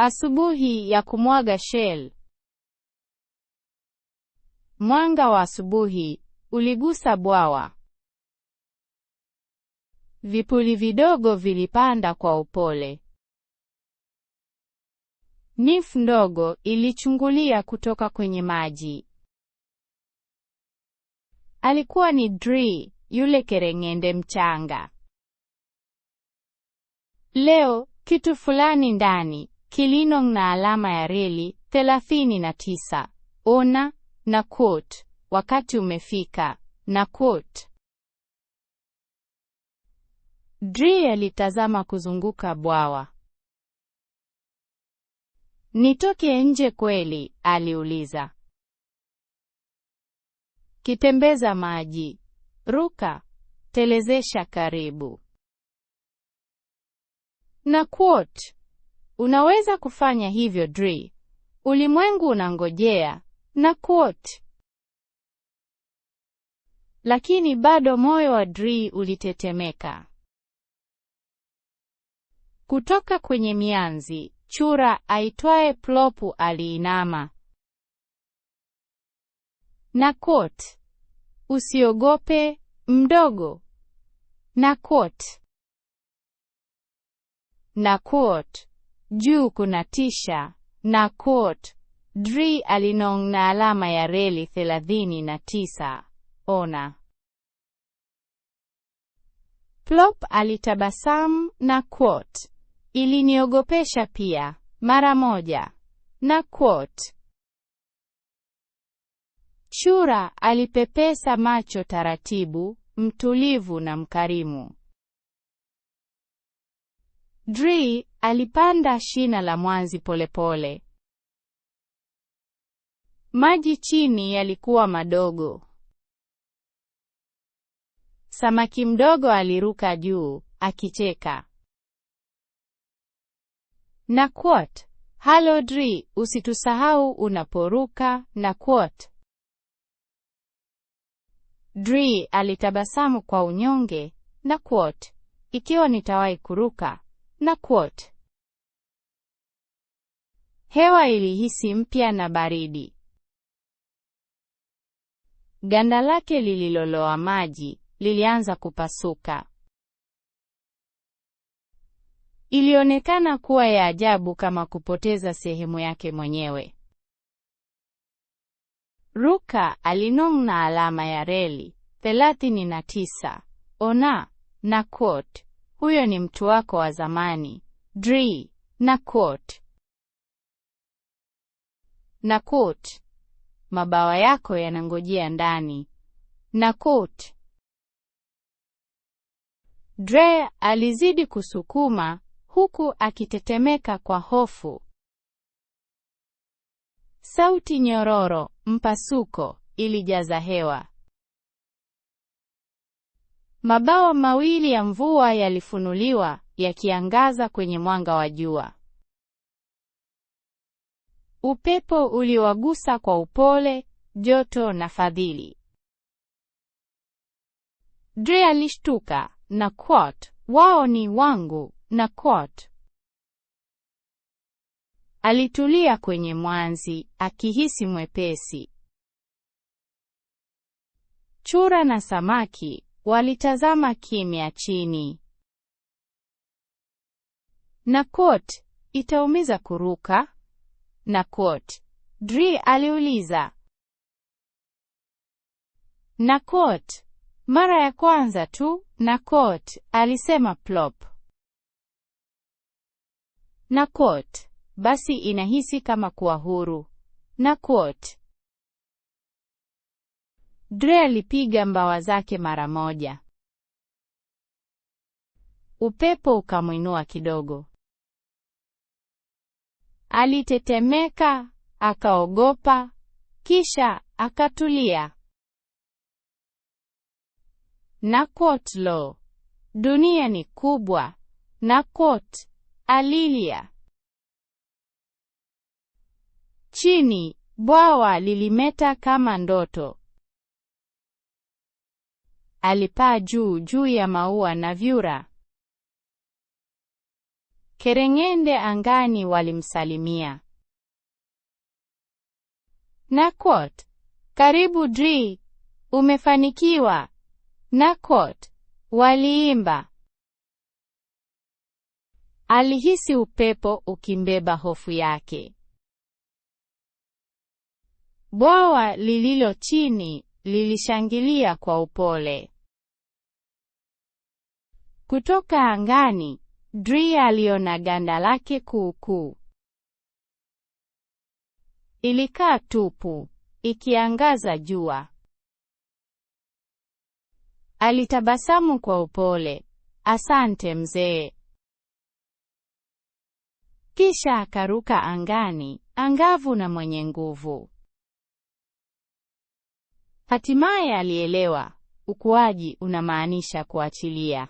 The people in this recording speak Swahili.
Asubuhi ya kumwaga shell. Mwanga wa asubuhi uligusa bwawa. Vipuli vidogo vilipanda kwa upole. Nif ndogo ilichungulia kutoka kwenye maji. Alikuwa ni Dri, yule kereng'ende mchanga. Leo kitu fulani ndani Kilinong na alama ya reli 39. Ona na quote, wakati umefika na quote. Dri alitazama kuzunguka bwawa. Nitoke nje kweli? aliuliza. Kitembeza maji, ruka, telezesha karibu. Na quote, Unaweza kufanya hivyo Dri. Ulimwengu unangojea na quote. Lakini bado moyo wa Dri ulitetemeka. Kutoka kwenye mianzi, chura aitwaye Plopu aliinama na quote, usiogope mdogo na quote, na quote. Juu kuna tisha na quote, Dri alinong na alama ya reli thelathini na Ona. Plop alitabasam na quote, iliniogopesha pia mara moja na quote. Chura alipepesa macho taratibu, mtulivu na mkarimu. Dri Alipanda shina la mwanzi polepole. Maji chini yalikuwa madogo. Samaki mdogo aliruka juu akicheka. Na quote, "Halo usitusahau unaporuka." Na quote. Dri alitabasamu kwa unyonge na quote, "Ikiwa nitawahi kuruka na quote, hewa ilihisi mpya na baridi, ganda lake lililoloa maji lilianza kupasuka. Ilionekana kuwa ya ajabu, kama kupoteza sehemu yake mwenyewe. Ruka alinong'na alama ya reli 39 ona na quote huyo ni mtu wako wa zamani. Dri na quote. Na quote. Mabawa yako yanangojea ndani. Na quote. Dre alizidi kusukuma huku akitetemeka kwa hofu. Sauti nyororo, mpasuko, ilijaza hewa. Mabawa mawili ya mvua yalifunuliwa yakiangaza kwenye mwanga wa jua. Upepo uliwagusa kwa upole, joto na fadhili. Dre alishtuka na quote, wao ni wangu na quote. Alitulia kwenye mwanzi akihisi mwepesi. Chura na samaki Walitazama kimya chini. Na quote, itaumiza kuruka? Na quote, Dri aliuliza. Na quote, mara ya kwanza tu, na quote, alisema plop. Na quote, basi inahisi kama kuwa huru. Na quote, Dre alipiga mbawa zake mara moja. Upepo ukamwinua kidogo. Alitetemeka, akaogopa, kisha akatulia. Na quote lo, dunia ni kubwa. Na quote alilia. Chini, bwawa lilimeta kama ndoto. Alipaa juu juu ya maua na vyura. Kereng'ende angani walimsalimia. quote, karibu Dri, umefanikiwa. quote, waliimba. Alihisi upepo ukimbeba hofu yake. Bwawa lililo chini lilishangilia kwa upole. Kutoka angani, Dri aliona ganda lake kuukuu. Ilikaa tupu, ikiangaza jua. Alitabasamu kwa upole, asante mzee. Kisha akaruka angani, angavu na mwenye nguvu. Hatimaye alielewa ukuaji unamaanisha kuachilia.